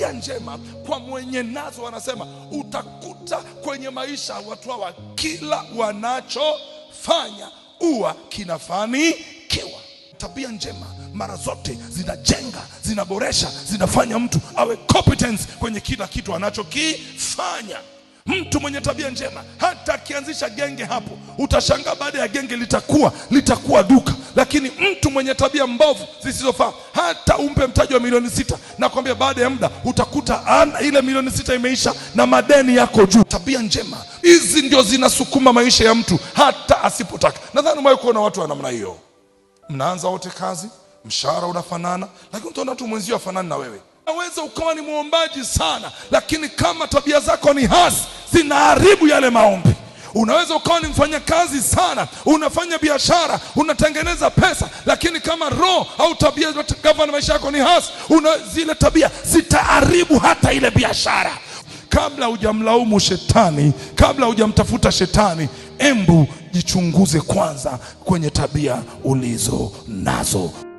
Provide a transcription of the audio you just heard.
tabia njema kwa mwenye nazo. Wanasema utakuta kwenye maisha watu hawa kila wanachofanya huwa kinafanikiwa. Tabia njema mara zote zinajenga, zinaboresha, zinafanya mtu awe competence kwenye kila kitu anachokifanya. Mtu mwenye tabia njema hata akianzisha genge hapo, utashangaa baada ya genge litakuwa litakuwa duka. Lakini mtu mwenye tabia mbovu zisizofaa hata umpe mtaji wa milioni sita na kwambia baada ya muda utakuta ana, ile milioni sita imeisha na madeni yako juu. Tabia njema hizi ndio zinasukuma maisha ya mtu hata asipotaka. Nadhani umewahi kuona watu wa namna hiyo, mnaanza wote kazi, mshahara unafanana, lakini utaona tu mwenzio afanani na wewe. naweza ukawa ni mwombaji sana, lakini kama tabia zako ni hasi, zinaharibu yale maombi. Unaweza ukawa ni mfanyakazi sana, unafanya biashara, unatengeneza pesa, lakini kama roho au tabia gavana maisha yako ni hasi, una zile tabia zitaharibu hata ile biashara. Kabla hujamlaumu shetani, kabla hujamtafuta shetani, embu jichunguze kwanza kwenye tabia ulizo nazo.